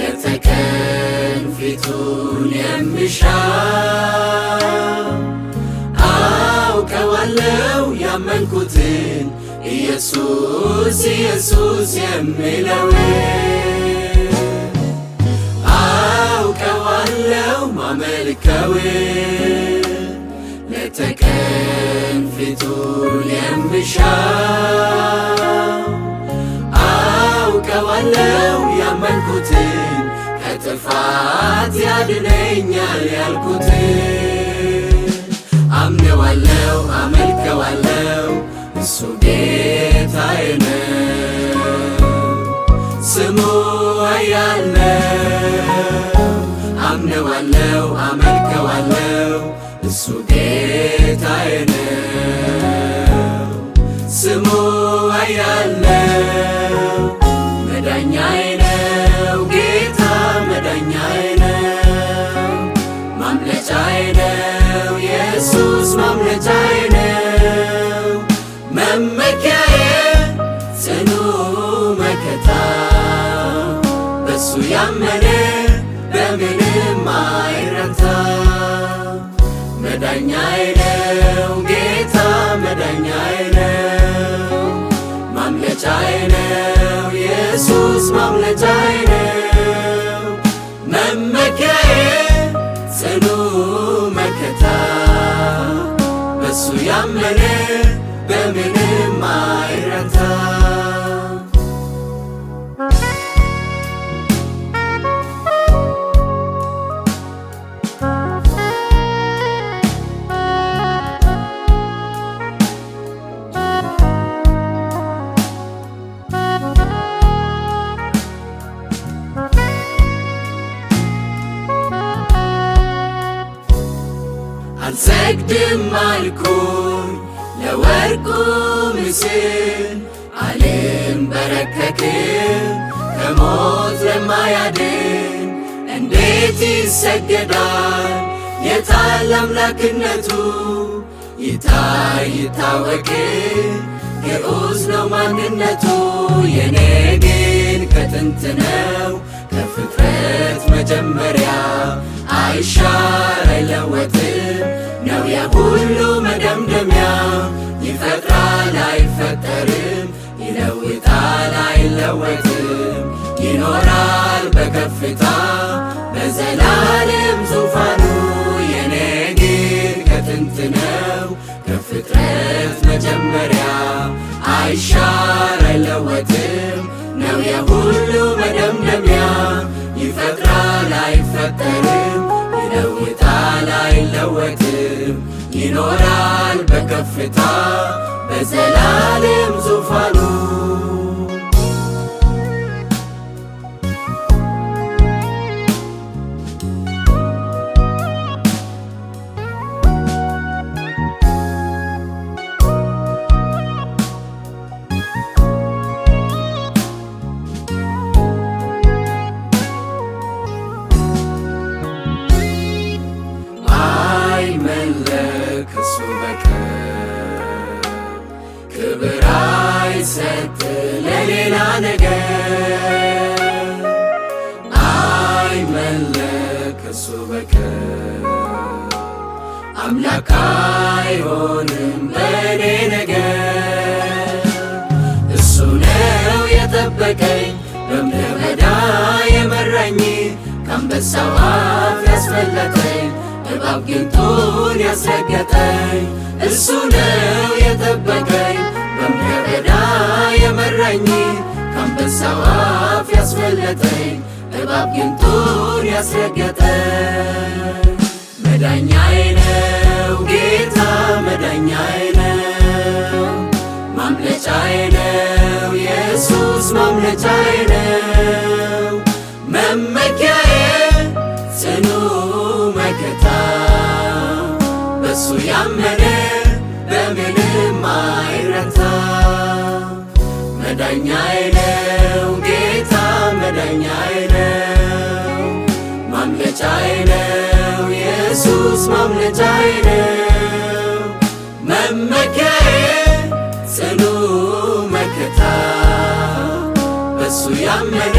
የተቀን ፊቱን የምሻ አውቀዋለው ያመንኩትን ኢየሱስ ኢየሱስ የሚለው አውቀዋለው ማመልከው ለተቀን ፊቱን የምሻ አለው ያመንኩትን ከጥፋት ያድነኛል ያልኩትን አምነዋለው አመልከዋለው እሱ ጌታዬ ነው ስሙ እሱ ጌታዬ ነው ስሙ ያመነ በምንም አይረታ። መዳኛዬ ነው ጌታ መዳኛዬ ነው ማምለጫዬ ነው ኢየሱስ ማምለጫዬ ነው መመኪያዬ ጽኑ መከታ በሱ ያመነ በምንም አይረታ ሰግድም አልኩኝ ለወርቁ ምስል አልም በረከክም ከሞት ለማያድን እንዴት ይሰገዳል የታል አምላክነቱ ይታይ ይታወቅ ግዑዝ ነው ማንነቱ የኔ ግን ከጥንት ነው ከፍጥረት መጀመሪያ አይሻር አይለወጥ ሁሉ መደምደሚያ ይፈጥራል አይፈጠርም፣ ይለውጣል አይለወጥም፣ ይኖራል በከፍታ በዘላለም ዙፋኑ። የኔ ግን ከጥንት ነው ከፍጥረት መጀመሪያ አይሻር አይለወጥም ነው የሁሉ መደምደሚያ ይፈጥራል አይፈጠርም፣ ይለውጣል አይለወጥም ይኖራል በከፍታ በዘላለም ዙፋን ሌላ ነገር አይመለክ እሱ በቀር አምላክ አይሆንም በእኔ ነገር እሱ ነው የጠበቀኝ በምድረ በዳ የመራኝ ከአንበሳው አፍ ያስፈለጠኝ እባብ ግንጡን ያስረገጠኝ እሱ ነው የጠበቀኝ ከሰው አፍ ያስፈለጠኝ እባብ ግን ያስረገጠ መዳኛዬ ነው ጌታ መዳኛዬ ነው ማምለጫዬ ነው ኢየሱስ ማምለጫዬ ነው መመኪያዬ ጽኑ መከታ በሱ ያመነ በምንም አይረታ መዳኛዬ I'm government.